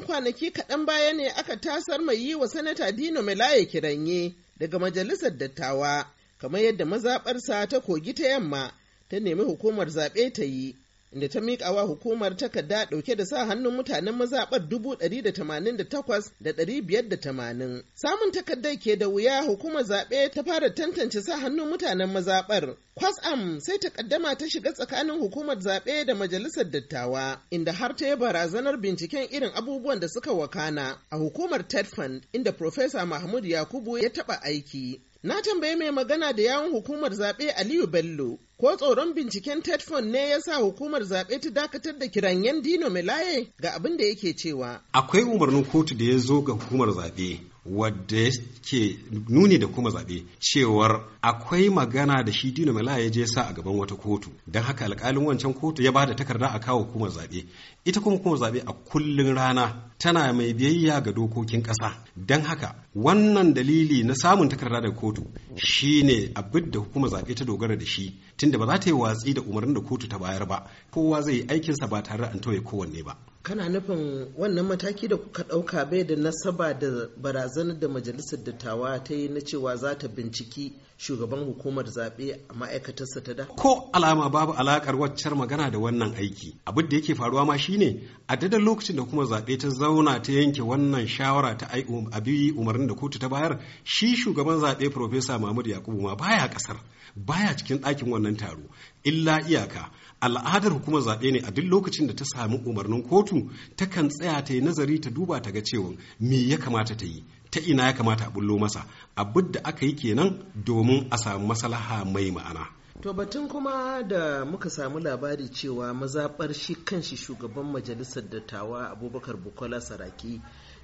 'yan kwanaki kaɗan baya ne aka tasar mai yi wa sanata Dino Melaye kiranye daga majalisar dattawa, kamar yadda mazaɓarsa ta kogi ta yamma ta nemi hukumar zaɓe ta yi inda ta miƙa wa hukumar takarda ɗauke da sa hannun mutanen mazaɓar dubu ɗari da tamanin da takwas da ɗari biyar da tamanin. Samun takardar ke da wuya hukumar zaɓe ta fara tantance sa hannun mutanen mazaɓar. Kwas'am sai takaddama ta shiga tsakanin hukumar zaɓe da majalisar dattawa inda har ta yi barazanar binciken irin abubuwan da suka wakana a hukumar Tedfund inda Profesa Mahmud Yakubu ya taɓa aiki. Na tambayi mai magana da yawon hukumar zaɓe Aliyu Bello, ko tsoron binciken Tetfon ne ya sa hukumar zaɓe ta dakatar da kiranyen Dino Melaye ga abin da yake cewa. Akwai umarnin kotu da ya zo ga hukumar zaɓe wadda ke nuni da kuma zaɓe cewar akwai magana da shi dina mala ya je sa a gaban wata kotu don haka alƙalin wancan kotu ya ba da takarda a kawo hukumar zaɓe ita kuma kuma zaɓe a kullun rana tana mai biyayya ga dokokin ƙasa don haka wannan dalili na samun takarda daga kotu shine abin da hukumar zaɓe ta dogara da shi tunda ba za ta yi watsi da umarnin da kotu ta bayar ba kowa zai yi aikinsa ba tare da an tauye kowanne ba kana nufin wannan mataki da kuka ɗauka bai da nasaba da barazanar da majalisar dattawa ta yi na cewa za ta binciki shugaban hukumar zaɓe a ma'aikatarsa ta da? Ko alama babu alakar waccar magana da wannan aiki. Abin da yake faruwa ma shine a daidai lokacin da kuma zaɓe ta zauna ta yanke wannan shawara ta abi um, umarnin da kotu ta bayar shi shugaban zaɓe Profesa Mahmud Yakubu ma baya ƙasar baya cikin ɗakin wannan taro illa iyaka al'adar hukumar zaɓe ne a duk lokacin da ta sami umarnin kotu takan tsaya ta yi nazari ta duba ta ga cewa me ya kamata ta yi ta ina ya kamata a bullo masa abin da aka yi kenan domin a samu maslaha mai ma'ana to batun kuma da muka samu labari cewa mazaɓar shi kanshi shugaban majalisar dattawa abubakar bukola saraki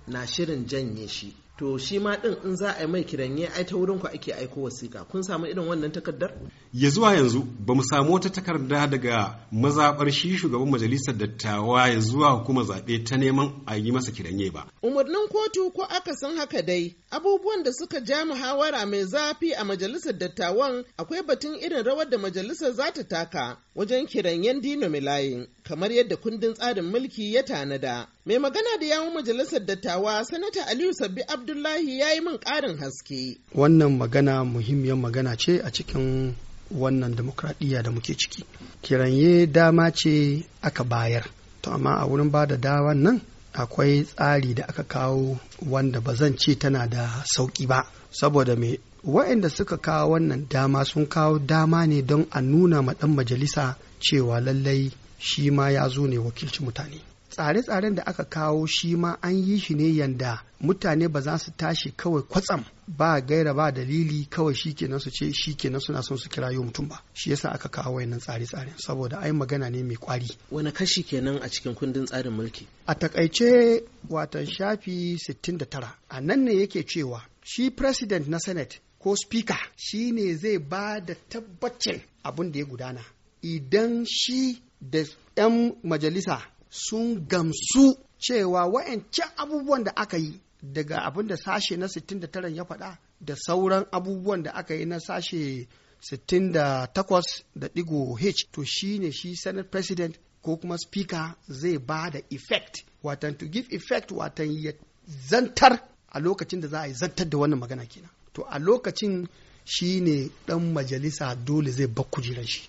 na shirin janye shi to shi ma din in za a yi mai kiranye ai ta wurin ku ake aiko wasiƙa kun samu irin wannan takardar ya zuwa yanzu ba mu samu wata takarda daga mazabar shi shugaban majalisar dattawa ya zuwa hukumar zaɓe ta neman a yi masa kiranye ba umarnin kotu ko aka san haka dai abubuwan da suka ja muhawara mai zafi a majalisar dattawan akwai batun irin rawar da majalisar za ta taka wajen kiranyen dino milaye kamar yadda kundin tsarin mulki ya tanada mai magana da yawun majalisar dattawa sanata aliyu sabbi Abdullahi ya yi min ƙarin haske. Wannan magana muhimmiyar magana ce a cikin wannan demokradiyya da muke ciki. Kiranye dama ce aka bayar. To amma a wurin ba da dawan nan akwai tsari da aka kawo wanda ba zan ce tana da sauƙi ba. Saboda me wa'inda suka kawo wannan dama sun kawo dama ne don a nuna ma ɗan majalisa cewa lallai shi ma ya zo ne wakilci mutane tsare-tsaren da aka kawo shi ma an yi shi ne yanda mutane ba za su tashi kawai kwatsam ba gaira ba dalili kawai shi kenan su ce shi suna son su kirayo mutum ba shi yasa aka kawo wayannan tsare-tsaren saboda ai magana ne mai kwari wani kashi kenan a cikin kundin tsarin mulki a takaice watan shafi 69 a nan ne yake cewa shi president na senate ko speaker shi ne zai ba da tabbacin abin da ya gudana idan shi da 'yan majalisa sun gamsu cewa wa'ancan abubuwan da aka yi daga abin da sashe na 69 ya faɗa da sauran abubuwan da aka yi na sashe 68.h da ɗigo h to shine shi senate president ko kuma speaker zai ba da effect watan to give effect watan ya zantar a lokacin da za a yi zantar da wannan magana kenan to a lokacin shi ne ɗan majalisa dole zai bar jiran shi